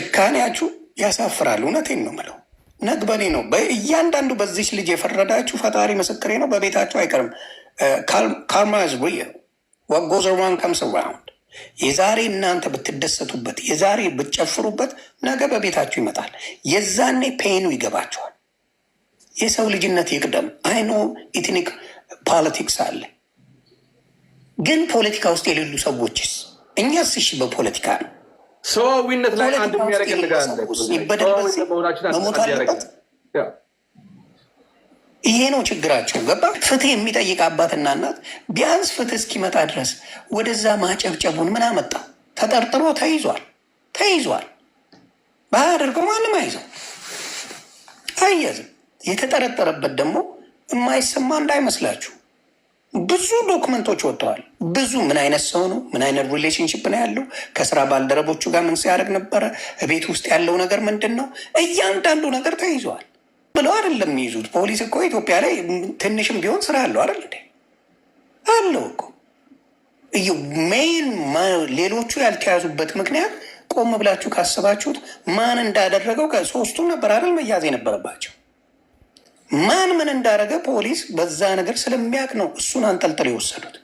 ጭካኔያችሁ ያሳፍራል። እውነቴን ነው ምለው ነግበኔ ነው እያንዳንዱ በዚች ልጅ የፈረዳችሁ ፈጣሪ ምስክሬ ነው። በቤታችሁ አይቀርም። ካርማ ኢዝ ሪል ዋት የዛሬ እናንተ ብትደሰቱበት፣ የዛሬ ብትጨፍሩበት፣ ነገ በቤታችሁ ይመጣል። የዛኔ ፔኑ ይገባችኋል። የሰው ልጅነት ይቅደም። አይኖ ኢትኒክ ፖለቲክስ አለ፣ ግን ፖለቲካ ውስጥ የሌሉ ሰዎችስ እኛስ? እሺ በፖለቲካ ነው ሰዋዊነት ላይ አንድ የሚያደርግ ንጋለመሆናችን ይሄ ነው ችግራቸው። ገባ ፍትህ የሚጠይቅ አባትና እናት ቢያንስ ፍትህ እስኪመጣ ድረስ ወደዛ ማጨብጨቡን ምን አመጣ? ተጠርጥሮ ተይዟል ተይዟል። ባያደርገው ማንም አይዘው አያዝም። የተጠረጠረበት ደግሞ የማይሰማ እንዳይመስላችሁ ብዙ ዶክመንቶች ወጥተዋል። ብዙ ምን አይነት ሰው ነው፣ ምን አይነት ሪሌሽንሽፕ ነው ያለው፣ ከስራ ባልደረቦቹ ጋር ምን ሲያደርግ ነበረ፣ ቤት ውስጥ ያለው ነገር ምንድን ነው፣ እያንዳንዱ ነገር ተይዘዋል። ብለው አይደለም የሚይዙት። ፖሊስ እኮ ኢትዮጵያ ላይ ትንሽም ቢሆን ስራ አለው አይደል እንዴ? አለው እኮ ሜይን። ሌሎቹ ያልተያዙበት ምክንያት ቆም ብላችሁ ካስባችሁት ማን እንዳደረገው ከሶስቱ ነበር አይደል መያዝ የነበረባቸው። ማን ምን እንዳደረገ ፖሊስ በዛ ነገር ስለሚያውቅ ነው እሱን አንጠልጥል የወሰዱት።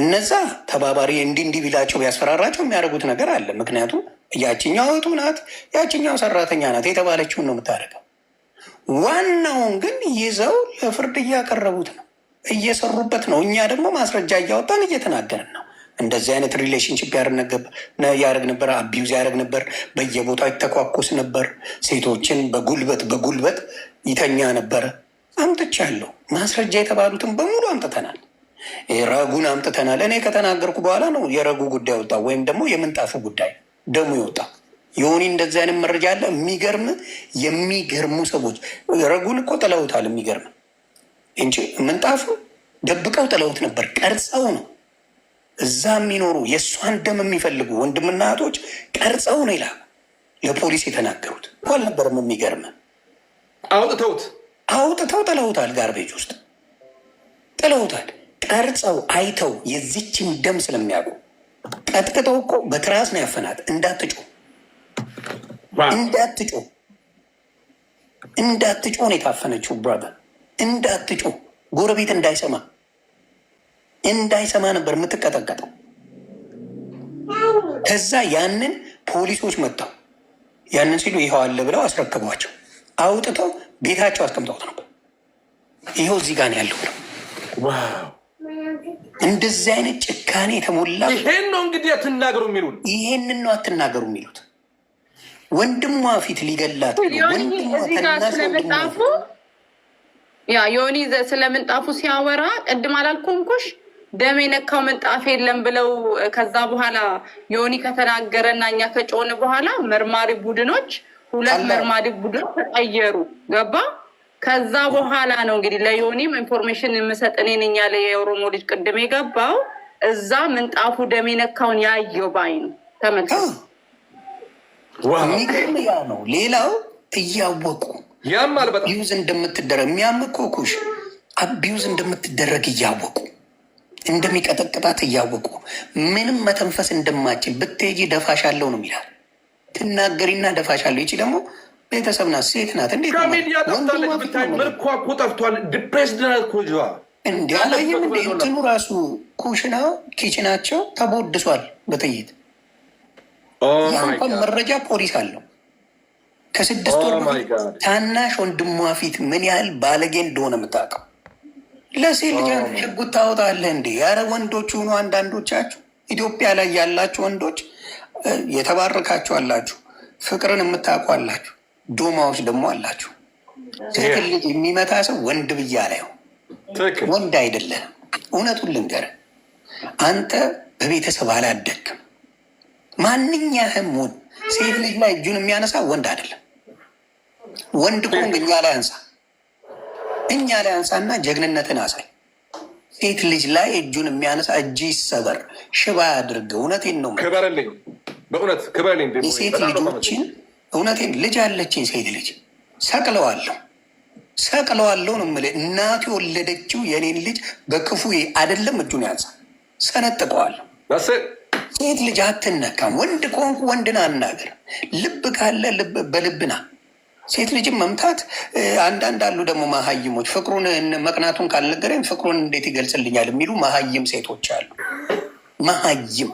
እነዛ ተባባሪ እንዲህ እንዲህ ቢላቸው ቢያስፈራራቸው የሚያደርጉት ነገር አለ። ምክንያቱም ያችኛው እህቱ ናት፣ ያችኛው ሰራተኛ ናት የተባለችውን ነው የምታደርገው። ዋናውን ግን ይዘው ለፍርድ እያቀረቡት ነው፣ እየሰሩበት ነው። እኛ ደግሞ ማስረጃ እያወጣን እየተናገርን ነው። እንደዚህ አይነት ሪሌሽንሽፕ ያደርግ ነበር፣ አቢዩዝ ያደረግ ነበር፣ በየቦታው ተኳኩስ ነበር፣ ሴቶችን በጉልበት በጉልበት ይተኛ ነበረ። አምጥቻለሁ። ማስረጃ የተባሉትን በሙሉ አምጥተናል። ረጉን አምጥተናል። እኔ ከተናገርኩ በኋላ ነው የረጉ ጉዳይ ወጣ፣ ወይም ደግሞ የምንጣፉ ጉዳይ ደሙ ይወጣ። የሆኒ እንደዚህ አይነት መረጃ አለ። የሚገርም የሚገርሙ ሰዎች ረጉን እኮ ጥለውታል። የሚገርም እንጂ ምንጣፉ ደብቀው ጥለውት ነበር፣ ቀርጸው ነው እዛ የሚኖሩ የእሷን ደም የሚፈልጉ ወንድምና እህቶች ቀርጸው ነው ይላል ለፖሊስ የተናገሩት እኮ አልነበረም። የሚገርም አውጥተውት አውጥተው ጥለውታል፣ ጋርቤጅ ውስጥ ጥለውታል። ቀርጸው አይተው የዚችን ደም ስለሚያውቁ ቀጥቅጠው እኮ በትራስ ነው ያፈናት። እንዳትጮ እንዳትጮ እንዳትጮ ነው የታፈነችው። ብራዘር እንዳትጮ፣ ጎረቤት እንዳይሰማ እንዳይሰማ ነበር የምትቀጠቀጠው። ከዛ ያንን ፖሊሶች መጥተው ያንን ሲሉ ይኸው አለ ብለው አስረክቧቸው አውጥተው ቤታቸው አስቀምጠውት ነበር። ይኸው እዚህ ጋር ያለው ነው። እንደዚህ አይነት ጭካኔ የተሞላ ይሄን ነው እንግዲህ አትናገሩ የሚሉት፣ ይሄን ነው አትናገሩ የሚሉት። ወንድሟ ፊት ሊገላት ስለምንጣፉ ያ ዮኒ ስለምንጣፉ ሲያወራ ቅድም አላልኩንኩሽ ደም የነካው ምንጣፍ የለም ብለው ከዛ በኋላ ዮኒ ከተናገረ እና እኛ ከጮን በኋላ መርማሪ ቡድኖች ሁለት መርማሪ ቡድኖች ተቀየሩ። ገባ። ከዛ በኋላ ነው እንግዲህ ለዮኒም ኢንፎርሜሽን የምሰጥ እኔ ነኝ ያለ የኦሮሞ ልጅ ቅድም የገባው እዛ ምንጣፉ ደም የነካውን ያየው ባይን ተመልከት። ያ ነው ሌላው እያወቁ ያም አልበጣም ቢውዝ እንደምትደረግ የሚያምኮኩሽ ቢውዝ እንደምትደረግ እያወቁ እንደሚቀጠቅጣት እያወቁ ምንም መተንፈስ እንደማችል ብትሄጂ ደፋሻለሁ ነው የሚላል። ትናገሪና ደፋሻለሁ። ይቺ ደግሞ ቤተሰብና ሴት ናት። እንዴት ብታይ መልኳ እኮ ጠፍቷል። ናት እኮ ጅዋ እንዲ አላየም። እንደ እንትኑ ራሱ ኩሽና ኪችናቸው ተቦድሷል በጥይት ያንኳን መረጃ ፖሊስ አለው። ከስድስት ወር ታናሽ ወንድሟ ፊት ምን ያህል ባለጌ እንደሆነ የምታውቀው ለሴት ልጅ ህጉ ታወጣለ እንዴ? ያረ ወንዶች ሆኑ አንዳንዶቻችሁ ኢትዮጵያ ላይ ያላችሁ ወንዶች የተባረካችሁ አላችሁ፣ ፍቅርን የምታውቁ አላችሁ፣ ዶማዎች ደግሞ አላችሁ። ሴት ልጅ የሚመታ ሰው ወንድ ብያ ላይ ወንድ አይደለም። እውነቱን ልንገር አንተ በቤተሰብ አላደግም። ማንኛህም ሴት ልጅ ላይ እጁን የሚያነሳ ወንድ አይደለም። ወንድ ኮንግ እኛ ላይ አንሳ እኛ ላይ አንሳና ጀግንነትን አሳይ። ሴት ልጅ ላይ እጁን የሚያነሳ እጅ ይሰበር፣ ሽባ ያድርግ። እውነቴን ነው። በእውነት ክበርልኝ። የሴት ልጆችን እውነቴን ልጅ አለችኝ። ሴት ልጅ ሰቅለዋለሁ ሰቅለዋለሁ ነው የምልህ። እናቱ የወለደችው የኔን ልጅ በክፉ አይደለም እጁን ያንሳ፣ ሰነጥቀዋለሁ። ሴት ልጅ አትነካም። ወንድ ከሆንኩ ወንድን አናገር። ልብ ካለ በልብና ሴት ልጅም መምታት አንዳንድ አሉ ደግሞ መሀይሞች ፍቅሩን መቅናቱን ካልነገረኝ ፍቅሩን እንዴት ይገልጽልኛል የሚሉ መሀይም ሴቶች አሉ። መሀይም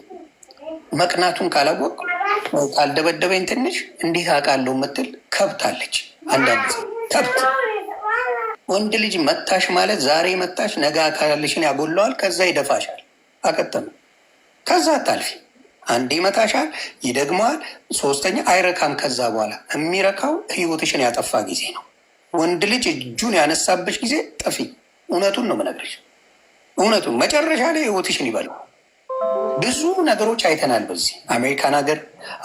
መቅናቱን ካላወቅ ካልደበደበኝ ትንሽ እንዴት አውቃለሁ የምትል ከብታለች። አንዳንድ ከብት ወንድ ልጅ መታሽ ማለት ዛሬ መታሽ ነገ አካልሽን ያጎለዋል። ከዛ ይደፋሻል። አቀጠም ከዛ አታልፊ አንድ ይመታሻል፣ ይደግመዋል፣ ሶስተኛ አይረካም። ከዛ በኋላ የሚረካው ህይወትሽን ያጠፋ ጊዜ ነው። ወንድ ልጅ እጁን ያነሳብሽ ጊዜ ጥፊ። እውነቱን ነው የምነግርሽ፣ እውነቱን መጨረሻ ላይ ህይወትሽን ይበላል። ብዙ ነገሮች አይተናል። በዚህ አሜሪካን ሀገር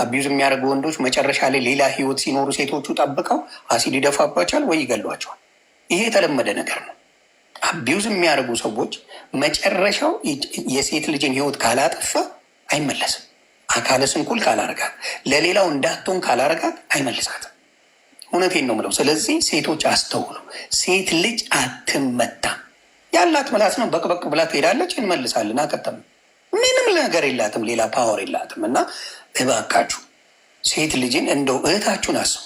አቢዩዝ የሚያደርጉ ወንዶች መጨረሻ ላይ ሌላ ህይወት ሲኖሩ ሴቶቹ ጠብቀው አሲድ ይደፋባቸዋል ወይ ይገሏቸዋል። ይሄ የተለመደ ነገር ነው። አቢዩዝ የሚያደርጉ ሰዎች መጨረሻው የሴት ልጅን ህይወት ካላጠፋ አይመለስም። አካለ ስንኩል ካላረጋት፣ ለሌላው እንዳትሆን ካላረጋት አይመልሳትም። እውነቴን ነው ምለው። ስለዚህ ሴቶች አስተውሉ። ሴት ልጅ አትመታም። ያላት ምላስ ነው። በቅበቅ ብላ ትሄዳለች፣ እንመልሳለን። አቀጠም ምንም ነገር የላትም፣ ሌላ ፓወር የላትም። እና እባካችሁ ሴት ልጅን እንደው እህታችሁን አስቡ።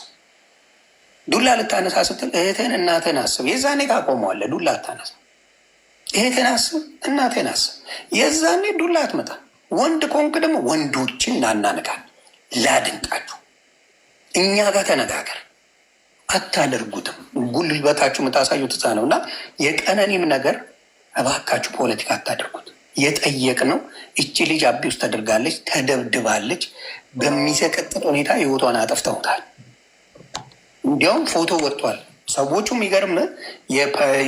ዱላ ልታነሳ ስትል እህትህን እናትህን አስብ። የዛኔ ታቆመዋለህ። ዱላ አታነሳ። እህትህን አስብ፣ እናትህን አስብ። የዛኔ ዱላ አትመጣም። ወንድ ከሆንክ ደግሞ ወንዶችን እናናንቃል። ላድንቃችሁ፣ እኛ ጋር ተነጋገር፣ አታደርጉትም። ጉልበታችሁ የምታሳዩት እዛ ነው እና የቀነኒም ነገር እባካችሁ ፖለቲካ አታደርጉት። የጠየቅ ነው። እቺ ልጅ አቢ ውስጥ ተደርጋለች፣ ተደብድባለች። በሚሰቀጥጥ ሁኔታ ህይወቷን አጠፍተውታል። እንዲያውም ፎቶ ወጥቷል። ሰዎቹ የሚገርም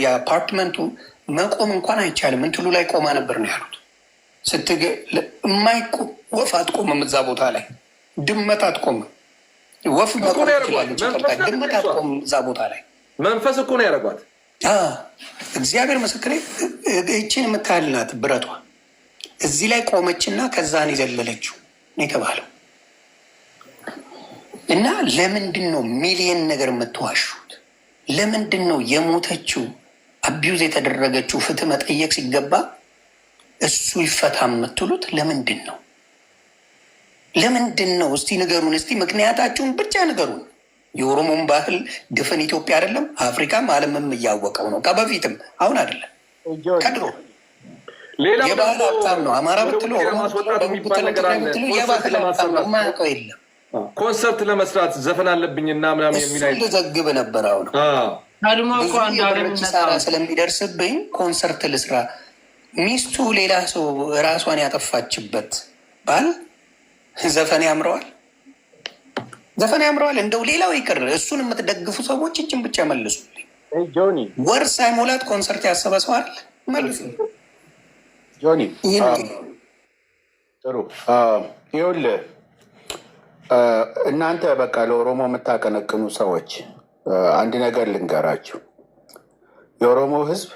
የአፓርትመንቱ መቆም እንኳን አይቻልም፣ እንትሉ ላይ ቆማ ነበር ነው ያሉት የማይቁ ወፍ አትቆምም። እዛ ቦታ ላይ ድመት አትቆምም። ወፍ ድመት አትቆምም። እዛ ቦታ ላይ መንፈስ እኮ ነው ያደረጓት። እግዚአብሔር ምስክሬ፣ ይችን የምታህል ናት ብረቷ። እዚህ ላይ ቆመችና ከዛን የዘለለችው የተባለው እና ለምንድን ነው ሚሊየን ነገር የምትዋሹት? ለምንድን ነው የሞተችው አቢዩዝ የተደረገችው ፍትህ መጠየቅ ሲገባ እሱ ይፈታ የምትሉት ለምንድን ነው? ለምንድን ነው? እስቲ ንገሩን። እስቲ ምክንያታችሁን ብቻ ንገሩን። የኦሮሞን ባህል ድፍን ኢትዮጵያ አይደለም አፍሪካም ዓለምም እያወቀው ነው። ከበፊትም አሁን አይደለም ከድሮ የባህል ሀብታም ነው። አማራ ብትሉ ብትሉ የባህል ሀብታም ነው። የማያውቀው የለም። ኮንሰርት ለመስራት ዘፈን አለብኝ እና ምናምን የሚል ዘግብ ነበር። አሁን ስለሚደርስብኝ ኮንሰርት ልስራ ሚስቱ ሌላ ሰው ራሷን ያጠፋችበት ባል ዘፈን ያምረዋል? ዘፈን ያምረዋል? እንደው ሌላው ይቅር፣ እሱን የምትደግፉ ሰዎች እጅን ብቻ መልሱ። ወር ሳይሞላት ኮንሰርት ያሰበ ሰው አለ መልሱ። ጆኒ ጥሩ ይኸውልህ፣ እናንተ በቃ ለኦሮሞ የምታቀነቅኑ ሰዎች አንድ ነገር ልንገራችሁ። የኦሮሞ ህዝብ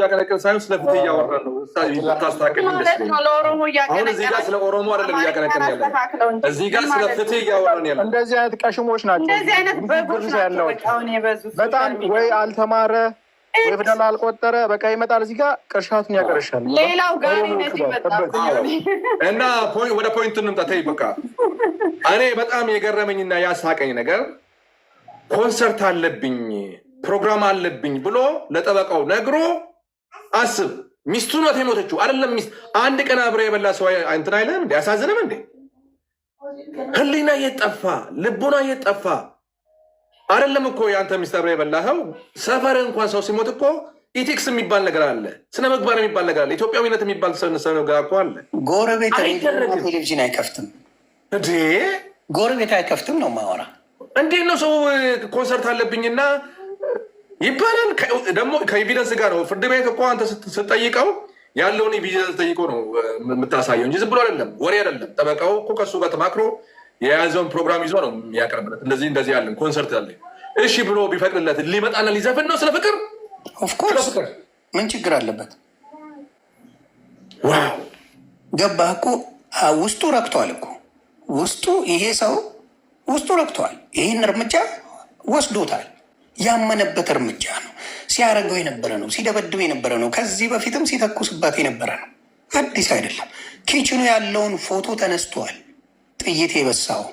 እያቀነቀን ሳይሆን ስለ ፍትህ እያወራ ነው። ታስተካከል አሁን እዚህ ጋር ስለ ኦሮሞ አይደለም ያለ፣ እዚህ ጋር ስለ ፍትህ እያወራን ያለ። እንደዚህ አይነት ቀሽሞች ናቸው በጣም ወይ አልተማረ ወይ ፊደል አልቆጠረ፣ በቃ ይመጣል እዚህ ጋር ቅርሻቱን ያቀርሻል። ሌላው ጋር እና ወደ ፖይንቱ እንምጣ። ተይ በቃ እኔ በጣም የገረመኝና ያሳቀኝ ነገር ኮንሰርት አለብኝ ፕሮግራም አለብኝ ብሎ ለጠበቃው ነግሮ አስብ። ሚስቱ ናት የሞተችው፣ አይደለም ሚስት። አንድ ቀን አብረ የበላ ሰው እንትን አይልም እንዴ? ያሳዝንም እንዴ? ህሊና እየጠፋ ልቡና እየጠፋ አይደለም እኮ የአንተ ሚስት አብረ የበላኸው ሰፈር እንኳን ሰው ሲሞት እኮ ኢቲክስ የሚባል ነገር አለ፣ ስነ ምግባር የሚባል ነገር አለ፣ ኢትዮጵያዊነት የሚባል ሰው ነገር እኮ አለ። ጎረቤት ቴሌቪዥን አይከፍትም እንዴ? ጎረቤት አይከፍትም ነው ማወራ። እንዴት ነው ሰው ኮንሰርት አለብኝና ይባላል። ደግሞ ከኤቪደንስ ጋር ነው። ፍርድ ቤት እኮ አንተ ስትጠይቀው ያለውን ኤቪደንስ ጠይቆ ነው የምታሳየው እንጂ ዝም ብሎ አይደለም፣ ወሬ አይደለም። ጠበቃው እኮ ከሱ ጋር ተማክሮ የያዘውን ፕሮግራም ይዞ ነው የሚያቀርብለት። እንደዚህ እንደዚህ ያለን ኮንሰርት ያለ እሺ ብሎ ቢፈቅድለት ሊመጣና ሊዘፍን ነው ስለ ፍቅር። ኦፍኮርስ ምን ችግር አለበት? ዋው ገባህ እኮ ውስጡ ረክቷል እኮ ውስጡ ይሄ ሰው ውስጡ ረክቷል። ይህን እርምጃ ወስዶታል። ያመነበት እርምጃ ነው። ሲያደርገው የነበረ ነው። ሲደበድብ የነበረ ነው። ከዚህ በፊትም ሲተኩስባት የነበረ ነው። አዲስ አይደለም። ኪችኑ ያለውን ፎቶ ተነስቷል። ጥይት የበሳው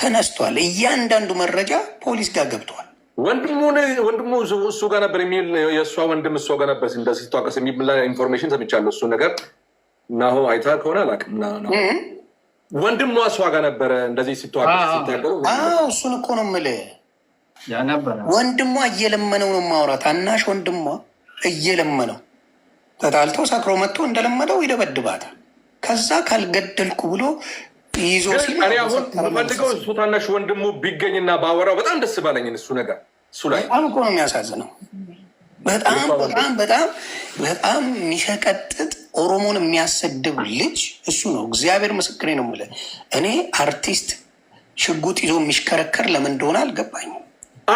ተነስቷል። እያንዳንዱ መረጃ ፖሊስ ጋር ገብቷል። ወንድሙ እሱ ጋር ነበር የሚል የእሷ ወንድም እሷ ጋር ነበር እንደዚህ ሲተዋቀስ የሚል ኢንፎርሜሽን ሰምቻለሁ። እሱ ነገር ናሆ አይታ ከሆነ አላውቅም። ወንድሟ እሷ ጋር ነበረ እንደዚህ ሲተዋቀስ ሲታገሩ። እሱን እኮ ነው የምልህ ወንድሟ እየለመነው ነው ማውራ ታናሽ ወንድሟ እየለመነው ተጣልተው ሰክሮ መጥቶ እንደለመደው ይደበድባታል። ከዛ ካልገደልኩ ብሎ ይዞ ሲሁን ፈልገው እሱ ታናሽ ወንድሙ ቢገኝና ባወራው በጣም ደስ ባለኝ። እሱ ነገር እሱ ላይ በጣም እኮ ነው የሚያሳዝነው። በጣም በጣም በጣም በጣም የሚሸቀጥጥ ኦሮሞን የሚያሰድብ ልጅ እሱ ነው። እግዚአብሔር ምስክሬ ነው የምልህ። እኔ አርቲስት ሽጉጥ ይዞ የሚሽከረከር ለምን እንደሆነ አልገባኝም።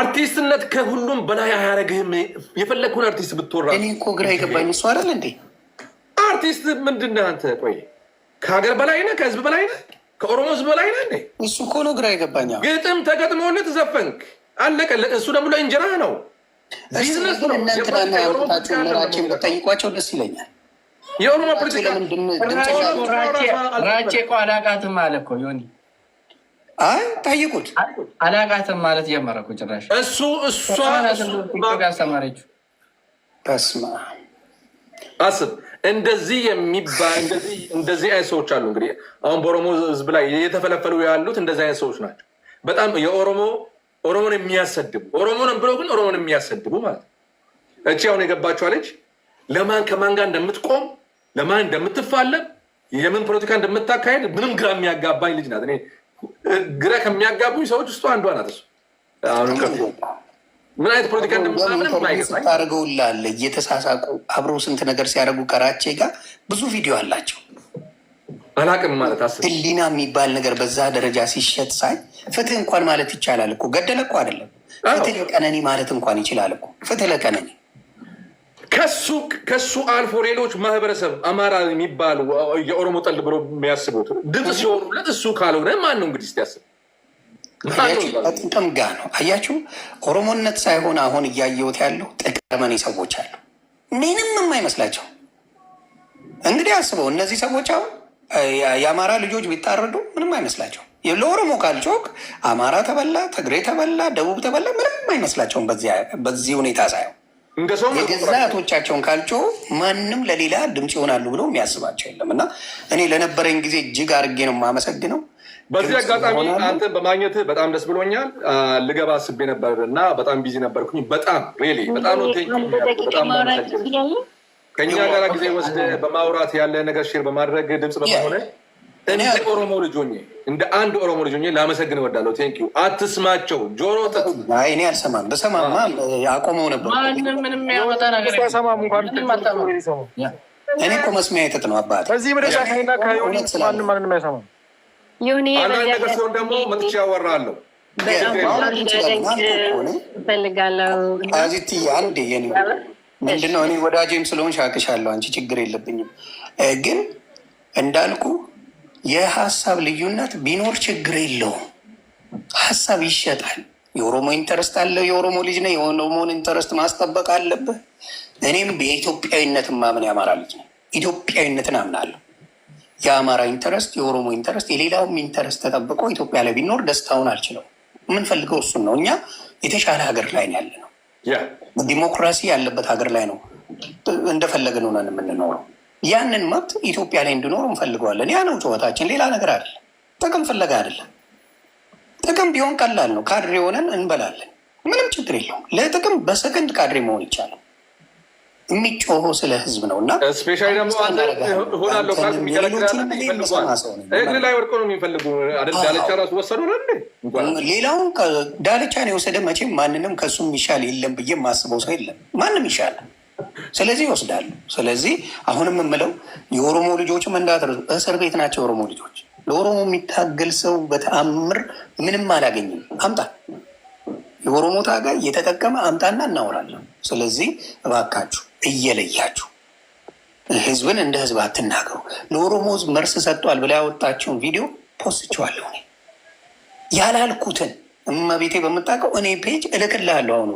አርቲስትነት ከሁሉም በላይ አያረግህም። የፈለግኩን አርቲስት ብትወራ እኔ እኮ ግራ የገባኝ እሱ አይደል እንዴ? አርቲስት ምንድን ነህ አንተ? ቆይ ከሀገር በላይ ነህ፣ ከህዝብ በላይ ነህ፣ ከኦሮሞ ህዝብ በላይ ነህ። እሱ እኮ ነው ግራ የገባኝ። ግጥም ተገጥሞነት ዘፈንክ፣ አለቀለ። እሱ ደግሞ ለእንጀራ ነው። ቢዝነስ ነው። ብጠይቋቸው ደስ ይለኛል። የኦሮሞ ፖለቲካ ራቼ ቋላቃትም አለ እኮ ዮኒ አይ ጠይቁት። አላቃትም ማለት ጀመረ እኮ ጭራሽ እሱ እሷ በስመ አብ አስብ። እንደዚህ የሚባል እንደዚህ አይነት ሰዎች አሉ። እንግዲህ አሁን በኦሮሞ ህዝብ ላይ የተፈለፈሉ ያሉት እንደዚህ አይነት ሰዎች ናቸው። በጣም የኦሮሞ ኦሮሞን የሚያሰድቡ ኦሮሞንም ብሎ ግን ኦሮሞን የሚያሰድቡ ማለት ነው። እቺ አሁን የገባችዋ ልጅ ለማን ከማን ጋር እንደምትቆም ለማን እንደምትፋለም የምን ፖለቲካ እንደምታካሄድ ምንም ግራ የሚያጋባኝ ልጅ ናት። ግራ ከሚያጋቡኝ ሰዎች ውስጡ አንዷ ናት። ምን አይነት ፖለቲካ እንደምሳምንታደርገውላለ እየተሳሳቁ አብረው ስንት ነገር ሲያደርጉ ከራቼ ጋር ብዙ ቪዲዮ አላቸው። አላቅም ማለት አስ ህሊና የሚባል ነገር በዛ ደረጃ ሲሸጥ ሳይ ፍትህ እንኳን ማለት ይቻላል እኮ ገደለ እኮ አይደለም ፍትህ ለቀነኒ ማለት እንኳን ይችላል እኮ ፍትህ ለቀነኒ ከሱ አልፎ ሌሎች ማህበረሰብ አማራ የሚባሉ የኦሮሞ ጠል ብሎ የሚያስቡት ድምፅ ሲሆኑለት እሱ ካልሆነ ማን ነው እንግዲህ ስያስብ ጥቅም ጋ ነው። አያችሁ ኦሮሞነት ሳይሆን አሁን እያየሁት ያለው ጥቅመኔ ሰዎች አሉ። ምንም የማይመስላቸው እንግዲህ አስበው፣ እነዚህ ሰዎች አሁን የአማራ ልጆች ቢታረዱ ምንም አይመስላቸው። ለኦሮሞ ካልጮክ አማራ ተበላ፣ ትግሬ ተበላ፣ ደቡብ ተበላ ምንም አይመስላቸውም። በዚህ ሁኔታ ሳይሆን የገዛ እህቶቻቸውን ማንም ለሌላ ድምፅ ይሆናሉ ብለው የሚያስባቸው የለም እና እኔ ለነበረኝ ጊዜ እጅግ አድርጌ ነው የማመሰግነው። በዚህ አጋጣሚ አንተን በማግኘት በጣም ደስ ብሎኛል። ልገባ አስቤ ነበር እና በጣም ቢዚ ነበርኩኝ። በጣም ሬሊ በጣም ከእኛ ጋር ጊዜ ወስደ በማውራት ያለ ነገር ሼር በማድረግ ድምፅ በማሆነ እኔ ኦሮሞ ልጅ እንደ አንድ ኦሮሞ ልጅ ላመሰግን እወዳለሁ። ቴንክ ዩ። አትስማቸው ጆሮ እኔ አልሰማም። በሰማማ አቆመው ነበር። እኔ እኮ መስሚያ የተት ነው አባት በዚህ ምድር ከና ማንም አይሰማም። አንዳንድ ነገር ሲሆን ደግሞ መጥቼ ያወራለሁ ፈልጋለሁ። የኔ ምንድነው እኔ ወዳጄም አንቺ ችግር የለብኝም ግን እንዳልኩ የሀሳብ ልዩነት ቢኖር ችግር የለውም። ሀሳብ ይሸጣል። የኦሮሞ ኢንተረስት አለ። የኦሮሞ ልጅ ነው። የኦሮሞን ኢንተረስት ማስጠበቅ አለብህ። እኔም የኢትዮጵያዊነት ማምን የአማራ ልጅ ነው። ኢትዮጵያዊነትን አምናለሁ። የአማራ ኢንተረስት፣ የኦሮሞ ኢንተረስት፣ የሌላውም ኢንተረስት ተጠብቆ ኢትዮጵያ ላይ ቢኖር ደስታውን አልችለው። የምንፈልገው እሱን ነው። እኛ የተሻለ ሀገር ላይ ያለ ነው። ዲሞክራሲ ያለበት ሀገር ላይ ነው እንደፈለግን ሆነን የምንኖረው። ያንን መብት ኢትዮጵያ ላይ እንዲኖር እንፈልገዋለን። ያ ነው ጩኸታችን፣ ሌላ ነገር አይደለም። ጥቅም ፍለጋ አይደለም። ጥቅም ቢሆን ቀላል ነው። ካድሬ ሆነን እንበላለን፣ ምንም ችግር የለው። ለጥቅም በሰከንድ ካድሬ መሆን ይቻላል። የሚጮሆ ስለ ህዝብ ነው እና ስፔሻሊ ደግሞ ላይ ወድቆ ነው የሚፈልጉ ዳልቻ ራሱ ወሰዱ። ሌላውን ዳለቻን የወሰደ መቼም ማንንም ከሱ የሚሻል የለም ብዬ የማስበው ሰው የለም። ማንም ይሻላል። ስለዚህ ይወስዳሉ። ስለዚህ አሁንም የምለው የኦሮሞ ልጆችም እንዳትረሱ፣ እስር ቤት ናቸው የኦሮሞ ልጆች። ለኦሮሞ የሚታገል ሰው በተአምር ምንም አላገኝም። አምጣ የኦሮሞ ታጋይ የተጠቀመ አምጣና እናወራለን። ስለዚህ እባካችሁ እየለያችሁ ህዝብን እንደ ህዝብ አትናገሩ። ለኦሮሞ ህዝብ መርስ ሰጥቷል ብላ ያወጣችውን ቪዲዮ ፖስትችዋለሁ። እኔ ያላልኩትን እመቤቴ በምታውቀው እኔ ፔጅ እልክልሃለሁ። አሁኑ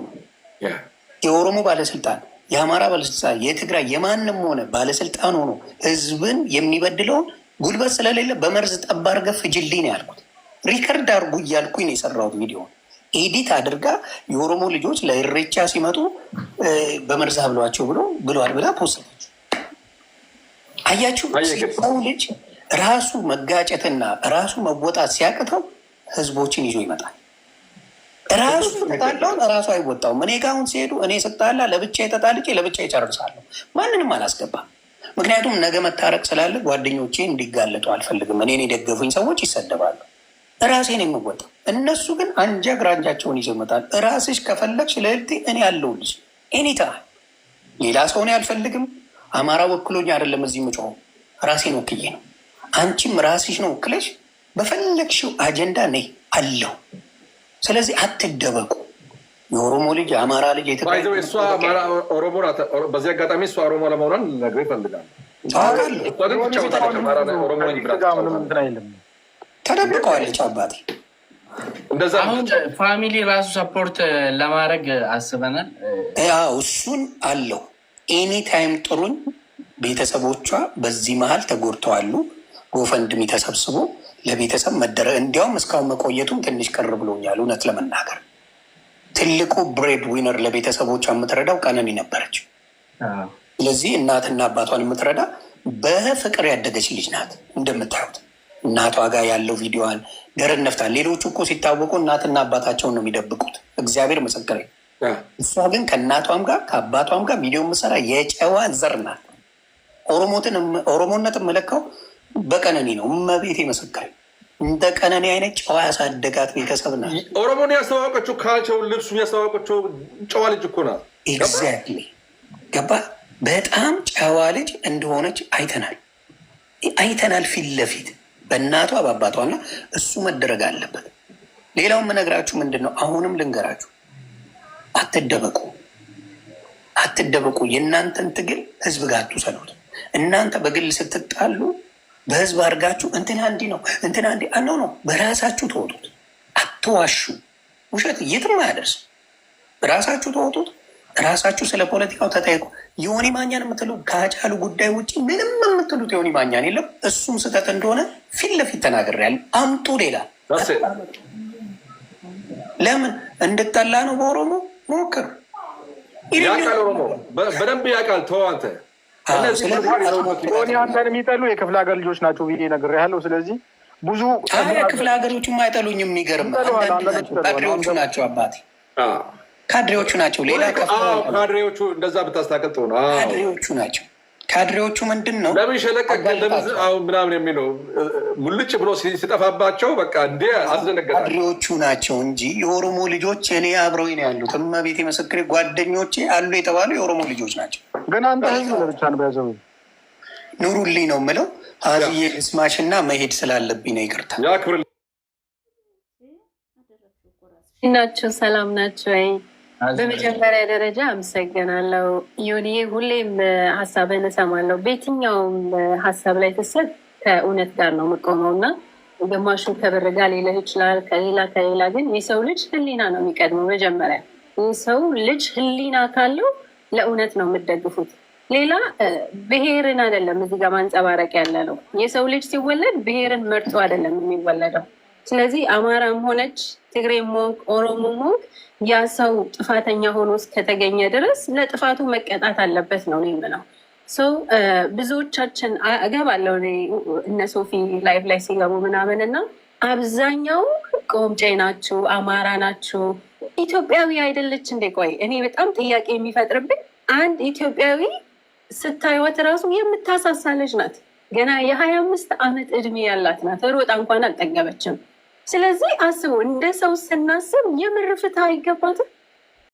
የኦሮሞ ባለስልጣን የአማራ ባለስልጣን የትግራይ የማንም ሆነ ባለስልጣን ሆኖ ህዝብን የሚበድለውን ጉልበት ስለሌለ በመርዝ ጠባር ገፍ ፍጅልኝ ነው ያልኩት። ሪከርድ አድርጉ እያልኩኝ ነው የሰራሁት ቪዲዮ ኤዲት አድርጋ የኦሮሞ ልጆች ለእሬቻ ሲመጡ በመርዝ አብሏቸው ብሎ ብሏል ብላ ፖስተች። አያችሁ፣ ሰው ልጅ ራሱ መጋጨትና ራሱ መወጣት ሲያቅተው ህዝቦችን ይዞ ይመጣል። ራሱ ተጣላውን ራሱ አይወጣውም። እኔ ጋ አሁን ሲሄዱ እኔ ስጣላ ለብቻ ተጣልቼ ለብቻ ይጨርሳለሁ። ማንንም አላስገባም። ምክንያቱም ነገ መታረቅ ስላለ ጓደኞቼ እንዲጋለጡ አልፈልግም። እኔን የደገፉኝ ሰዎች ይሰደባሉ። ራሴን የምወጣው እነሱ ግን አንጃ ግራንጃቸውን ይዘመጣል። ራስሽ ከፈለግሽ ለህልቴ እኔ ልጅ ኤኒታ ሌላ ሰው እኔ አልፈልግም። አማራ ወክሎኝ አይደለም እዚህ ምጮ ራሴን ወክዬ ነው። አንቺም ራስሽ ነው ወክለሽ በፈለግሽው አጀንዳ ነይ አለው ስለዚህ አትደበቁ። የኦሮሞ ልጅ የአማራ ልጅ ኦሮሞ በዚህ አጋጣሚ እሷ ኦሮሞ ለመሆኗን ልነግርህ እፈልጋለሁ። ተደብቀዋለች አባቴ። አሁን ፋሚሊ ራሱ ሰፖርት ለማድረግ አስበናል። ያው እሱን አለው ኤኒ ታይም ጥሩኝ። ቤተሰቦቿ በዚህ መሀል ተጎድተዋሉ። ጎፈንድሚ ተሰብስቦ ለቤተሰብ መደረ እንዲያውም እስካሁን መቆየቱም ትንሽ ቅር ብሎኛል። እውነት ለመናገር ትልቁ ብሬድ ዊነር ለቤተሰቦቿ የምትረዳው ቀነኒ ነበረች። ስለዚህ እናትና አባቷን የምትረዳ በፍቅር ያደገች ልጅ ናት። እንደምታዩት እናቷ ጋር ያለው ቪዲዮዋን ደረን ነፍታል። ሌሎቹ እኮ ሲታወቁ እናትና አባታቸውን ነው የሚደብቁት። እግዚአብሔር ምስክሬ። እሷ ግን ከእናቷም ጋር ከአባቷም ጋር ቪዲዮ የምሰራ የጨዋ ዘር ናት። ኦሮሞትን ኦሮሞነት የምለካው በቀነኔ ነው እመቤት የመሰከረ እንደ ቀነኔ አይነት ጨዋ ያሳደጋት ቤተሰብ ና ኦሮሞን ያስተዋወቀችው ካልቸውን ልብሱ ያስተዋወቀችው ጨዋ ልጅ እኮ ናት። ኤግዛክትሊ ገባ። በጣም ጨዋ ልጅ እንደሆነች አይተናል አይተናል ፊት ለፊት በእናቷ በአባቷ እሱ መደረግ አለበት። ሌላውን የምነግራችሁ ምንድን ነው? አሁንም ልንገራችሁ፣ አትደበቁ፣ አትደበቁ። የእናንተን ትግል ህዝብ ጋር አትውሰዱት። እናንተ በግል ስትጣሉ በህዝብ አድርጋችሁ እንትን አንዲ ነው እንትን አንዲ አነው ነው። በራሳችሁ ተወጡት፣ አትዋሹ። ውሸት የትም አያደርስም ራሳችሁ ተወጡት። ራሳችሁ ስለ ፖለቲካው ተጠይቁ። የሆኒ ማኛን የምትሉ ከአጫሉ ጉዳይ ውጭ ምንም የምትሉት የሆኒ ማኛን የለም። እሱም ስህተት እንደሆነ ፊት ለፊት ተናግሬያለሁ። አምጡ ሌላ ለምን እንድጠላ ነው? በኦሮሞ ሞክር ያውቃል። ኦሮሞ በደንብ ያውቃል። ተው አንተ አንተን የሚጠሉ የክፍለ ሀገር ልጆች ናቸው ብዬ እነግርሃለሁ። ስለዚህ ብዙ ክፍለ ሀገሮቹም አይጠሉኝም። የሚገርም ካድሬዎቹ ናቸው አባቴ፣ ካድሬዎቹ ናቸው። ሌላ ካድሬዎቹ እንደዛ ብታስታቀል ጥሩ ነው። ካድሬዎቹ ናቸው ካድሬዎቹ ምንድን ነው ለምን ሸለቀ ምናምን የሚለው ሙልጭ ብሎ ሲጠፋባቸው በቃ እንዴ አስደነገጠ። ካድሬዎቹ ናቸው እንጂ የኦሮሞ ልጆች እኔ አብረው ነው ያሉት። እመቤቴ ምስክሬ፣ ጓደኞቼ አሉ የተባሉ የኦሮሞ ልጆች ናቸው። ግን አንተ ህዝብ ለብቻ ነው በያዘ ኑሩልኝ ነው የምለው። አብዬ ልስማሽ እና መሄድ ስላለብኝ ነው። ይቅርታ ናቸው። ሰላም ናቸው። በመጀመሪያ ደረጃ አመሰግናለሁ ዮኒዬ። ሁሌም ሀሳብህን እሰማለሁ። በየትኛውም ሀሳብ ላይ ትሰጥ ከእውነት ጋር ነው የምቆመው እና ግማሹ ከብር ጋር ይችላል፣ ከሌላ ከሌላ ግን የሰው ልጅ ህሊና ነው የሚቀድመው። መጀመሪያ የሰው ልጅ ህሊና ካለው ለእውነት ነው የምደግፉት። ሌላ ብሔርን አይደለም እዚህ ጋር ማንጸባረቅ ያለ ነው። የሰው ልጅ ሲወለድ ብሔርን መርጦ አይደለም የሚወለደው ስለዚህ አማራም ሆነች ትግሬም ሞንክ ኦሮሞ ሆንክ ያ ሰው ጥፋተኛ ሆኖ እስከተገኘ ድረስ ለጥፋቱ መቀጣት አለበት ነው የምለው። ሰው ብዙዎቻችን እገባለሁ እነ ሶፊ ላይፍ ላይ ሲገቡ ምናምን እና አብዛኛው ቆምጬ ናችሁ፣ አማራ ናችሁ፣ ኢትዮጵያዊ አይደለች እንዴ? ቆይ እኔ በጣም ጥያቄ የሚፈጥርብኝ አንድ ኢትዮጵያዊ ስታይወት ራሱ የምታሳሳለች ናት። ገና የሀያ አምስት ዓመት እድሜ ያላት ናት። ሮጣ እንኳን አልጠገበችም። ስለዚህ አስቡ፣ እንደ ሰው ስናስብ የምር ፍትህ አይገባትም።